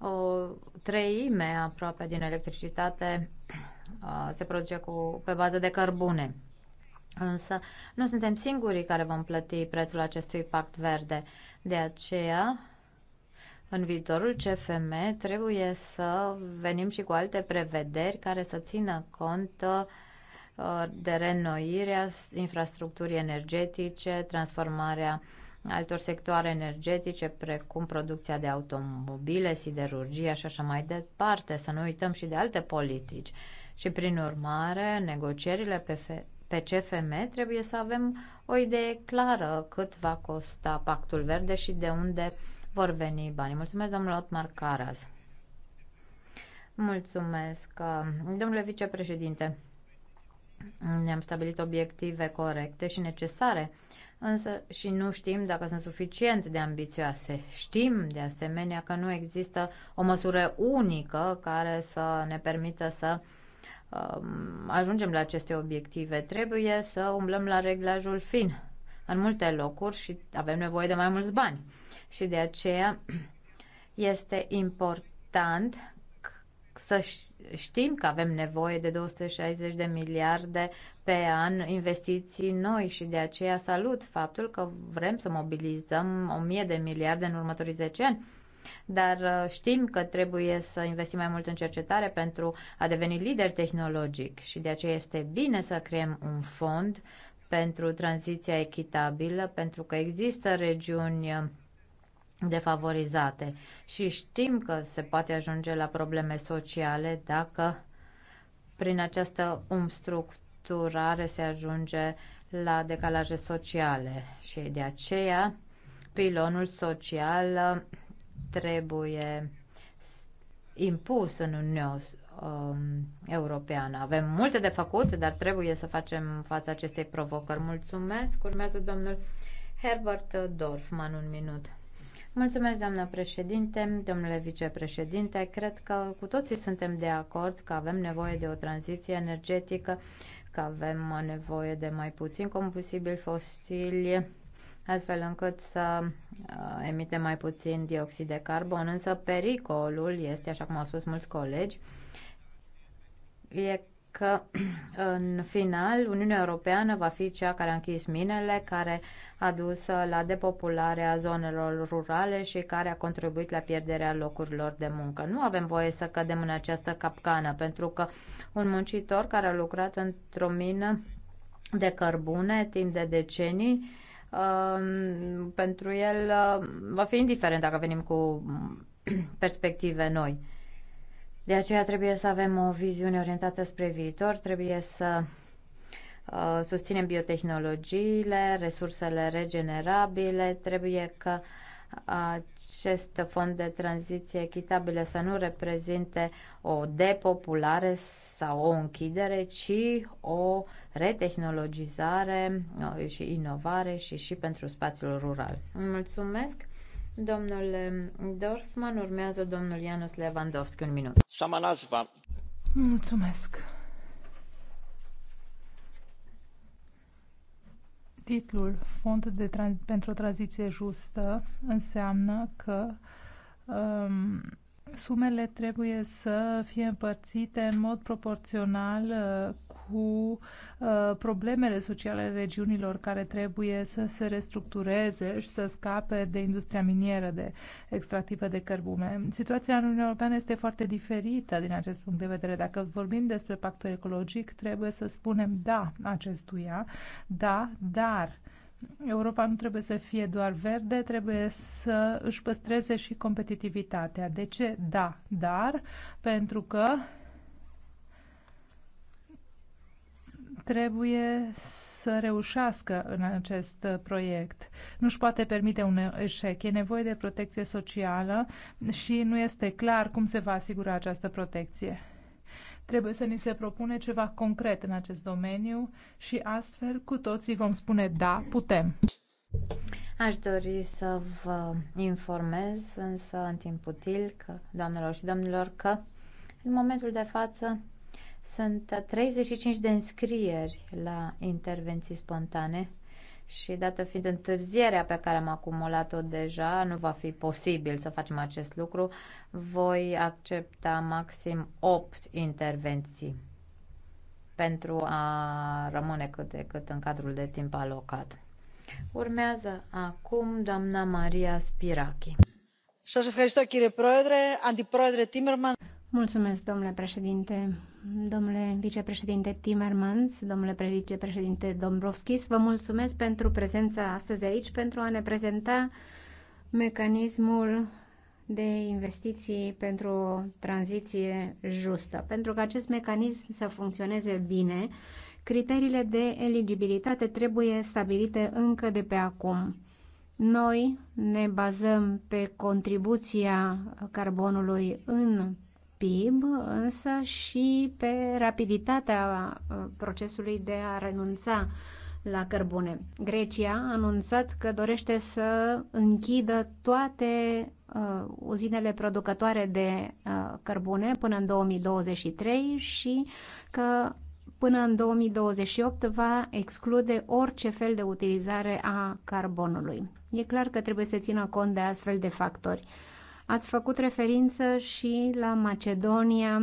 o treime aproape din electricitate uh, se produce cu, pe bază de cărbune. Însă nu suntem singurii care vom plăti prețul acestui pact verde. De aceea, în viitorul CFM trebuie să venim și cu alte prevederi care să țină cont uh, de reînnoirea infrastructurii energetice, transformarea uh, altor sectoare energetice, precum producția de automobile, siderurgia și așa mai departe, să nu uităm și de alte politici. Și prin urmare, negocierile pe, pe CFM trebuie să avem o idee clară cât va costa pactul verde și de unde vor veni banii. Mulțumesc, domnul Otmar Caraz. Mulțumesc, uh, domnule vicepreședinte. Ne-am stabilit obiective corecte și necesare uh, însă și nu știm dacă sunt suficient de ambițioase. Știm, de asemenea, că nu există o măsură unică care să ne permită să um, ajungem la aceste obiective. Trebuie să umblăm la reglajul fin în multe locuri și avem nevoie de mai mulți bani. Și de aceea este important să știm că avem nevoie de 260 de miliarde pe an investiții noi și de aceea salut faptul că vrem să mobilizăm 1000 de miliarde în următorii 10 ani. Dar uh, știm că trebuie să investim mai mult în cercetare pentru a deveni lider tehnologic și de aceea este bine să creăm un fond pentru tranziția echitabilă, pentru că există regiuni uh, defavorizate și știm că se poate ajunge la probleme sociale dacă prin această umstructurare se ajunge la decalaje sociale și de aceea pilonul social trebuie impus în Uniunea um, Europeană. Avem multe de făcut, dar trebuie să facem fața acestei provocări. Mulțumesc. Urmează domnul Herbert Dorfman un minut. Mulțumesc, doamnă președinte, domnule vicepreședinte. Cred că cu toții suntem de acord că avem nevoie de o tranziție energetică, că avem nevoie de mai puțin combustibil fosili, astfel încât să uh, emitem mai puțin dioxid de carbon. Însă pericolul este, așa cum au spus mulți colegi, e că în final Uniunea Europeană va fi cea care a închis minele, care a dus la depopularea zonelor rurale și care a contribuit la pierderea locurilor de muncă. Nu avem voie să cădem în această capcană, pentru că un muncitor care a lucrat într-o mină de cărbune timp de decenii, um, pentru el uh, va fi indiferent dacă venim cu perspective noi. De aceea trebuie să avem o viziune orientată spre viitor, trebuie să uh, susținem biotehnologiile, resursele regenerabile, trebuie că acest fond de tranziție echitabilă să nu reprezinte o depopulare sau o închidere, ci o retehnologizare uh, și inovare și și pentru spațiul rural. Mulțumesc! Domnule Dorfman, urmează domnul Janusz Lewandowski, un minut. Sama Mulțumesc. Titlul Fond pentru o tranziție justă înseamnă că um, sumele trebuie să fie împărțite în mod proporțional uh, cu uh, problemele sociale ale regiunilor care trebuie să se restructureze și să scape de industria minieră de extractivă de cărbune. Situația în Uniunea Europeană este foarte diferită din acest punct de vedere. Dacă vorbim despre pactul ecologic, trebuie să spunem da acestuia, da, dar Europa nu trebuie să fie doar verde, trebuie să își păstreze și competitivitatea. De ce? Da, dar pentru că trebuie să reușească în acest proiect. Nu își poate permite un eșec. E nevoie de protecție socială și nu este clar cum se va asigura această protecție. Trebuie să ni se propune ceva concret în acest domeniu și astfel cu toții vom spune da, putem. Aș dori să vă informez, însă în timp util, că, doamnelor și domnilor, că în momentul de față sunt 35 de înscrieri la intervenții spontane și dată fiind întârzierea pe care am acumulat-o deja, nu va fi posibil să facem acest lucru. Voi accepta maxim 8 intervenții pentru a rămâne cât de cât în cadrul de timp alocat. Urmează acum doamna Maria Spirachi. Mulțumesc, domnule președinte domnule vicepreședinte Timmermans, domnule vicepreședinte Dombrovskis, vă mulțumesc pentru prezența astăzi aici pentru a ne prezenta mecanismul de investiții pentru o tranziție justă. Pentru că acest mecanism să funcționeze bine, criteriile de eligibilitate trebuie stabilite încă de pe acum. Noi ne bazăm pe contribuția carbonului în PIB, însă și pe rapiditatea uh, procesului de a renunța la cărbune. Grecia a anunțat că dorește să închidă toate uh, uzinele producătoare de uh, cărbune până în 2023 și că până în 2028 va exclude orice fel de utilizare a carbonului. E clar că trebuie să țină cont de astfel de factori. Uh, Ați făcut referință și la Macedonia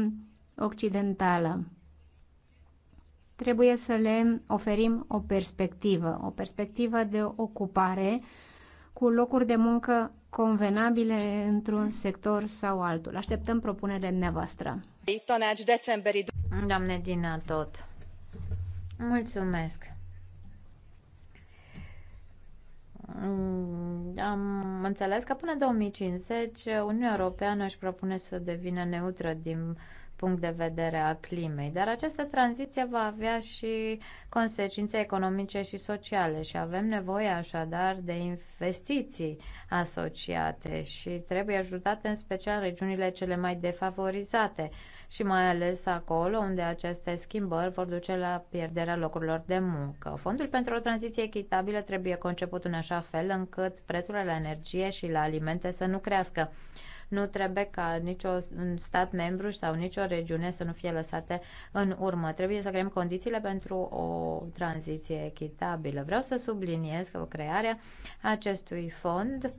Occidentală. Trebuie să le oferim o perspectivă, o perspectivă de ocupare cu locuri de muncă convenabile într-un sector sau altul. Așteptăm propunerile dumneavoastră. Doamne din tot. Mulțumesc. Mm, am înțeles că până în 2050 Uniunea Europeană își propune să devină neutră din punct de vedere al climei, dar această tranziție va avea și consecințe economice și sociale și avem nevoie așadar de investiții asociate și trebuie ajutate în special regiunile cele mai defavorizate și mai ales acolo unde aceste schimbări vor duce la pierderea locurilor de muncă. Fondul pentru o tranziție echitabilă trebuie conceput în așa fel încât prețurile la energie și la alimente să nu crească. Nu trebuie ca niciun stat membru sau nicio regiune să nu fie lăsate în urmă. Trebuie să creăm condițiile pentru o tranziție echitabilă. Vreau să subliniez că crearea acestui fond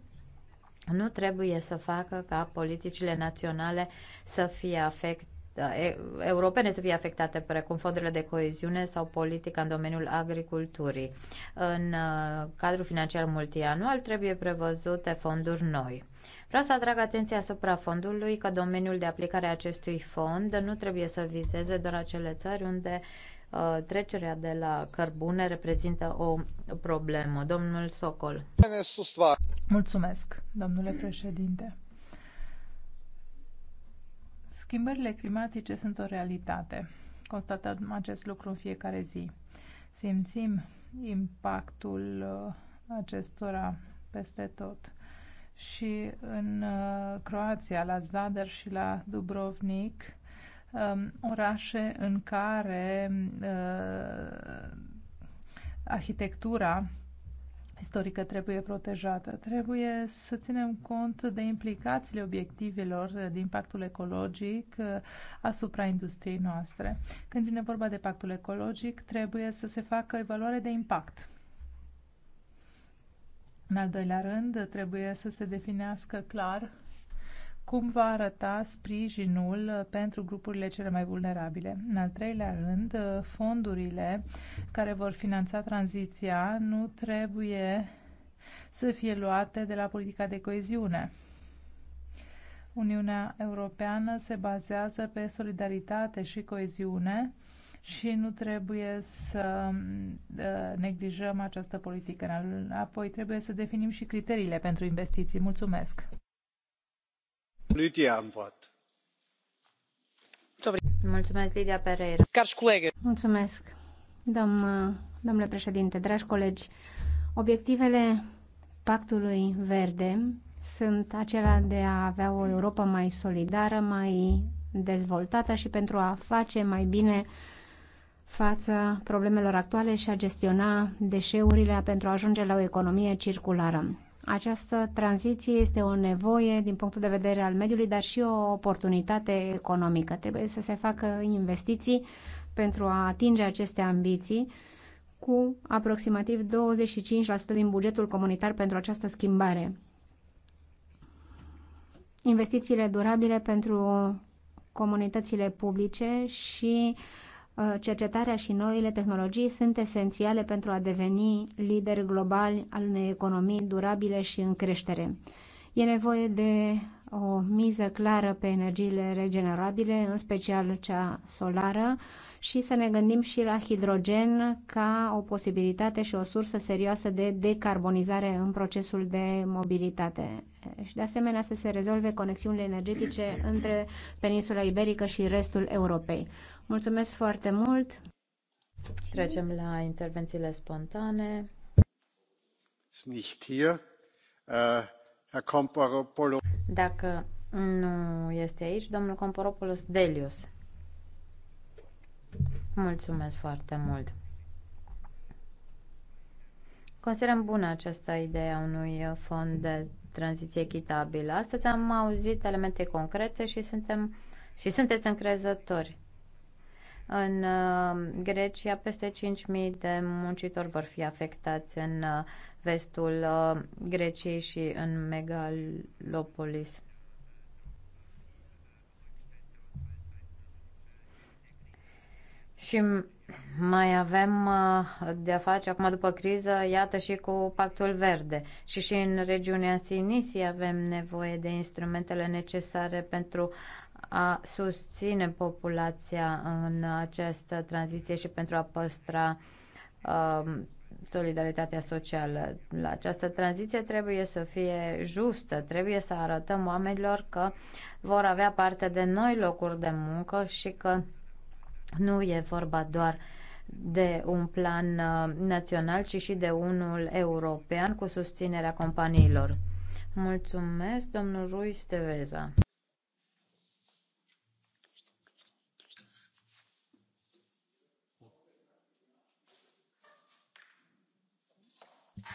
nu trebuie să facă ca politicile naționale să fie afect da, europene să fie afectate, precum fondurile de coeziune sau politica în domeniul agriculturii. În uh, cadrul financiar multianual trebuie prevăzute fonduri noi. Vreau să atrag atenția asupra fondului că domeniul de aplicare a acestui fond nu trebuie să vizeze doar acele țări unde uh, trecerea de la cărbune reprezintă o problemă. Domnul Socol. Mulțumesc, domnule președinte. Schimbările climatice sunt o realitate. Constatăm acest lucru în fiecare zi. Simțim impactul uh, acestora peste tot. Și în uh, Croația, la Zadar și la Dubrovnik, um, orașe în care uh, arhitectura istorică trebuie protejată. Trebuie să ținem cont de implicațiile obiectivelor de impactul ecologic uh, asupra industriei noastre. Când vine vorba de pactul ecologic, trebuie să se facă evaluare de impact. În al doilea rând, trebuie să se definească clar cum va arăta sprijinul pentru grupurile cele mai vulnerabile. În al treilea rând, fondurile care vor finanța tranziția nu trebuie să fie luate de la politica de coeziune. Uniunea Europeană se bazează pe solidaritate și coeziune și nu trebuie să uh, neglijăm această politică. Apoi trebuie să definim și criteriile pentru investiții. Mulțumesc! Mulțumesc, Lidia Pereira. Mulțumesc, domnule președinte, dragi colegi. Obiectivele Pactului Verde sunt acelea de a avea o Europa mai solidară, mai dezvoltată și pentru a face mai bine față problemelor actuale și a gestiona deșeurile pentru a ajunge la o economie circulară. Această tranziție este o nevoie din punctul de vedere al mediului, dar și o oportunitate economică. Trebuie să se facă investiții pentru a atinge aceste ambiții cu aproximativ 25% din bugetul comunitar pentru această schimbare. Investițiile durabile pentru comunitățile publice și uh, Uh, cercetarea și noile tehnologii sunt esențiale pentru a deveni lideri globali al unei economii durabile și în creștere. E nevoie de o miză clară pe energiile regenerabile, în special cea solară, și să ne gândim și la hidrogen ca o posibilitate și o sursă serioasă de decarbonizare în procesul de mobilitate. Și de asemenea să se rezolve conexiunile energetice între peninsula iberică și restul Europei. Mulțumesc foarte mult! Trecem la intervențiile spontane. Äh, Dacă nu este aici, domnul Comporopoulos Delius. Mulțumesc foarte mult! Considerăm bună această idee a unui fond de tranziție echitabilă. Astăzi am auzit elemente concrete și suntem și sunteți încrezători. În uh, Grecia, peste 5.000 de muncitori vor fi afectați în uh, vestul uh, Greciei și în megalopolis. Și mai avem de-a face acum după criză, iată și cu pactul verde. Și și în regiunea Sinisi avem nevoie de instrumentele necesare pentru a susține populația în această tranziție și pentru a păstra um, solidaritatea socială. La această tranziție trebuie să fie justă, trebuie să arătăm oamenilor că vor avea parte de noi locuri de muncă și că nu e vorba doar de un plan uh, național, ci și de unul european cu susținerea companiilor. Mulțumesc, domnul Ruiz Teveza.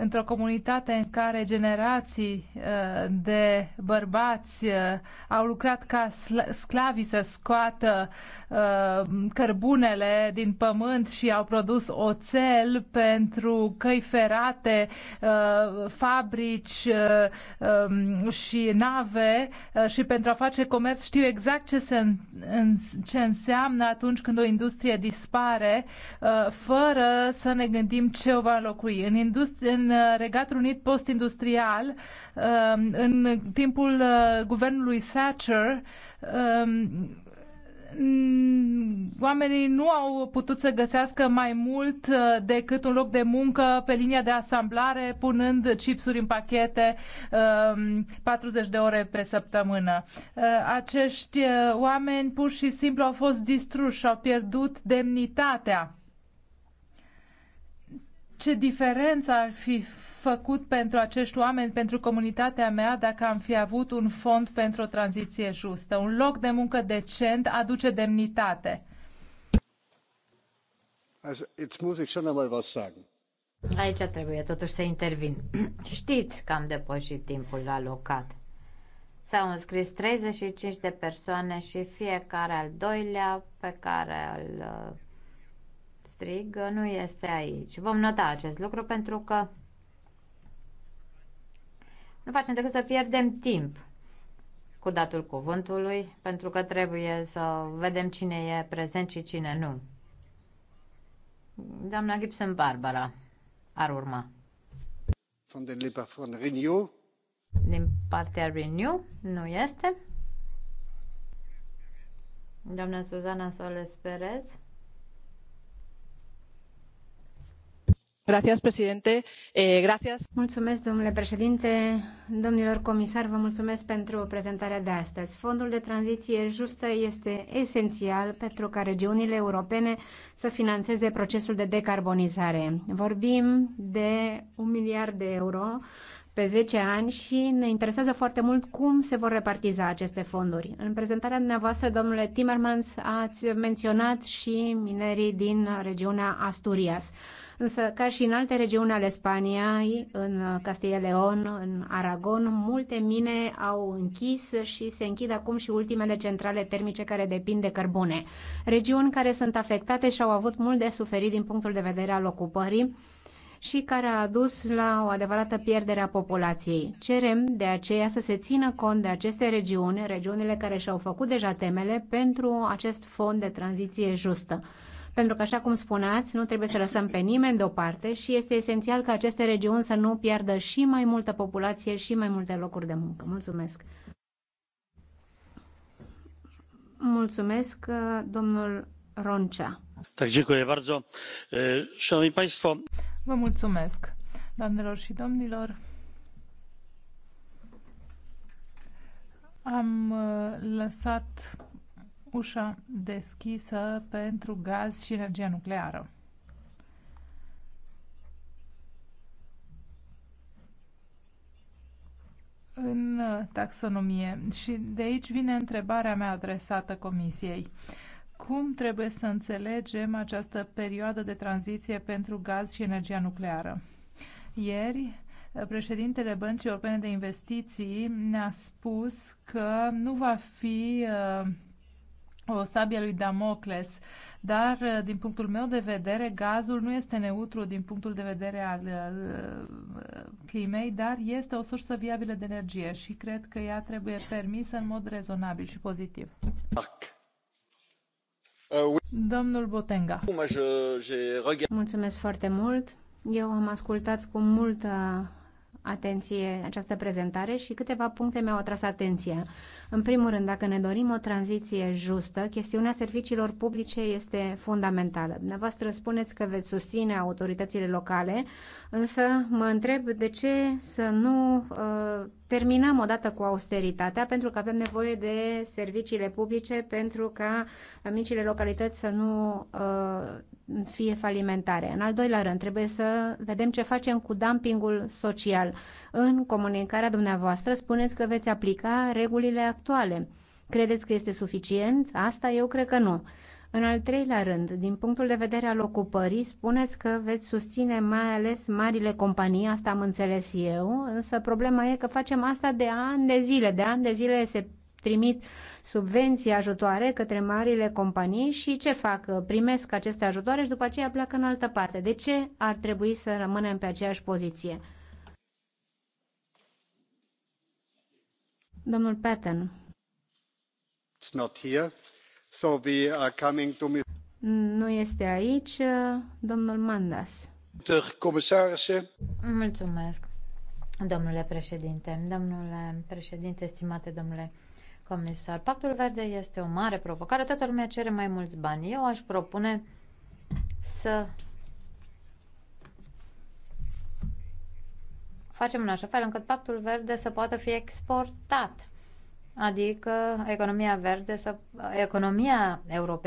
într-o comunitate în care generații uh, de bărbați uh, au lucrat ca sclavi să scoată uh, cărbunele din pământ și au produs oțel pentru căi ferate, fabrici um, și nave și pentru a face comerț știu exact ce, se, ce înseamnă atunci când o industrie dispare fără să ne gândim ce o va înlocui. În, industrie, în în uh, Regatul Unit post-industrial, um, în timpul uh, guvernului Thatcher, um, oamenii nu au putut să găsească mai mult uh, decât un loc de muncă pe linia de asamblare, punând chipsuri în pachete 40 um, de ore pe săptămână. Acești oameni pur și simplu au fost distruși, au pierdut demnitatea ce diferență ar fi făcut pentru acești oameni, pentru comunitatea mea, dacă am fi avut un fond pentru o tranziție justă. Un loc de muncă decent aduce demnitate. Aici trebuie totuși să intervin. Știți că am depășit timpul alocat. S-au înscris 35 de persoane și fiecare al doilea pe care îl uh, strig nu este aici. Vom nota acest lucru pentru că nu facem decât să pierdem timp cu datul cuvântului, pentru că trebuie să vedem cine e prezent și cine nu. Doamna Gibson Barbara ar urma. Von der von Renew. Din partea Renew nu este. Doamna Suzana Soles Perez. Eh, mulțumesc, domnule președinte, domnilor comisari, vă mulțumesc pentru prezentarea de astăzi. Fondul de tranziție justă este esențial pentru ca regiunile europene să finanțeze procesul de decarbonizare. Vorbim de un miliard de euro pe 10 ani și ne interesează foarte mult cum se vor repartiza aceste fonduri. În prezentarea dumneavoastră, domnule Timmermans, ați menționat și minerii din regiunea Asturias. Însă, ca și în alte regiuni ale Spaniei, în Castilla León, în Aragon, multe mine au închis și se închid acum și ultimele centrale termice care depind de cărbune. Regiuni care sunt afectate și au avut mult de suferit din punctul de vedere al ocupării, și care a adus la o adevărată pierdere a populației. Cerem de aceea să se țină cont de aceste regiuni, regiunile care și-au făcut deja temele, pentru acest fond de tranziție justă pentru că, așa cum spuneați, nu trebuie să lăsăm pe nimeni deoparte și este esențial ca aceste regiuni să nu piardă și mai multă populație și mai multe locuri de muncă. Mulțumesc! Mulțumesc, uh, domnul Roncea. Vă mulțumesc, doamnelor și domnilor. Am uh, lăsat ușa deschisă pentru gaz și energia nucleară. în taxonomie. Și de aici vine întrebarea mea adresată Comisiei. Cum trebuie să înțelegem această perioadă de tranziție pentru gaz și energia nucleară? Ieri, președintele Băncii Europene de Investiții ne-a spus că nu va fi uh, o sabie lui Damocles. Dar, uh, din punctul meu de vedere, gazul nu este neutru din punctul de vedere al uh, uh, climei, dar este o sursă viabilă de energie și cred că ea trebuie permisă în mod rezonabil și pozitiv. Domnul Botenga. Mulțumesc foarte mult. Eu am ascultat cu multă atenție această prezentare și câteva puncte mi-au atras atenția. În primul rând, dacă ne dorim o tranziție justă, chestiunea serviciilor publice este fundamentală. Dumneavoastră spuneți că veți susține autoritățile locale, însă mă întreb de ce să nu uh, terminăm odată cu austeritatea pentru că avem nevoie de serviciile publice pentru ca micile localități să nu uh, fie falimentare. În al doilea rând, trebuie să vedem ce facem cu dumpingul social. În comunicarea dumneavoastră spuneți că veți aplica regulile actuale. Credeți că este suficient? Asta eu cred că nu. În al treilea rând, din punctul de vedere al ocupării, spuneți că veți susține mai ales marile companii, asta am înțeles eu, însă problema e că facem asta de ani de zile. De ani de zile se trimit subvenții, ajutoare către marile companii și ce fac? Primesc aceste ajutoare și după aceea pleacă în altă parte. De ce ar trebui să rămânem pe aceeași poziție? Domnul Patton. It's not here. So we are coming to... Nu este aici domnul Mandas. Comisarese. Mulțumesc, domnule președinte. Domnule președinte, stimate domnule comisar, Pactul Verde este o mare provocare. Toată lumea cere mai mulți bani. Eu aș propune să facem în așa fel încât Pactul Verde să poată fi exportat adică economia verde, să, economia europeană